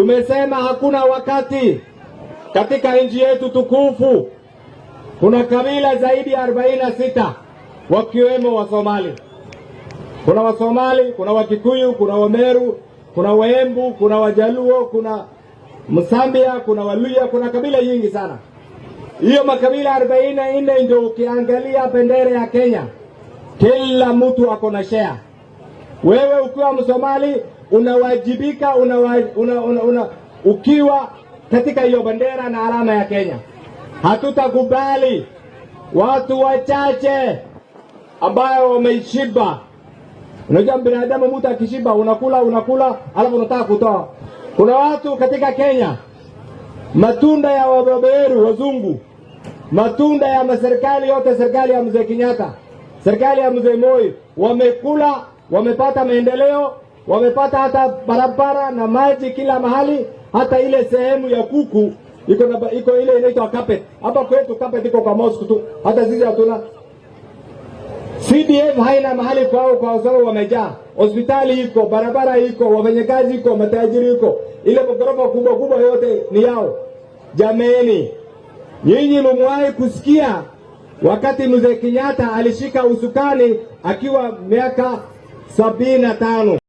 Tumesema hakuna wakati katika nchi yetu tukufu. Kuna kabila zaidi ya sita wakiwemo Wasomali. Kuna Wasomali, kuna Wakikuyu, kuna Wameru, kuna Waembu, kuna Wajaluo, kuna Msambia, kuna Waluya, kuna kabila nyingi sana. Hiyo makabila 44 ndio ukiangalia bendera ya Kenya, kila mtu ako na share. Wewe ukiwa Msomali unawajibika una, una, una, una, ukiwa katika hiyo bendera na alama ya Kenya. Hatutakubali watu wachache ambayo wameishiba. Unajua binadamu, mtu akishiba unakula unakula, alafu unataka kutoa. Kuna watu katika Kenya, matunda ya wabeberu wazungu, matunda ya maserikali yote, serikali ya mzee Kenyatta, serikali ya mzee Moi, wamekula wamepata maendeleo, wamepata hata barabara na maji kila mahali. Hata ile sehemu ya kuku iko na iko ile inaitwa carpet. Hapa kwetu carpet iko kwa mosque tu, hata sisi hatuna. CDF haina mahali kwao kwa sababu wamejaa. Hospitali iko, barabara iko, wafanyakazi iko, matajiri iko, ile magorofa kubwa kubwa yote ni yao. Jameni, nyinyi mumwahi kusikia wakati mzee Kenyatta alishika usukani akiwa miaka Sabina Talo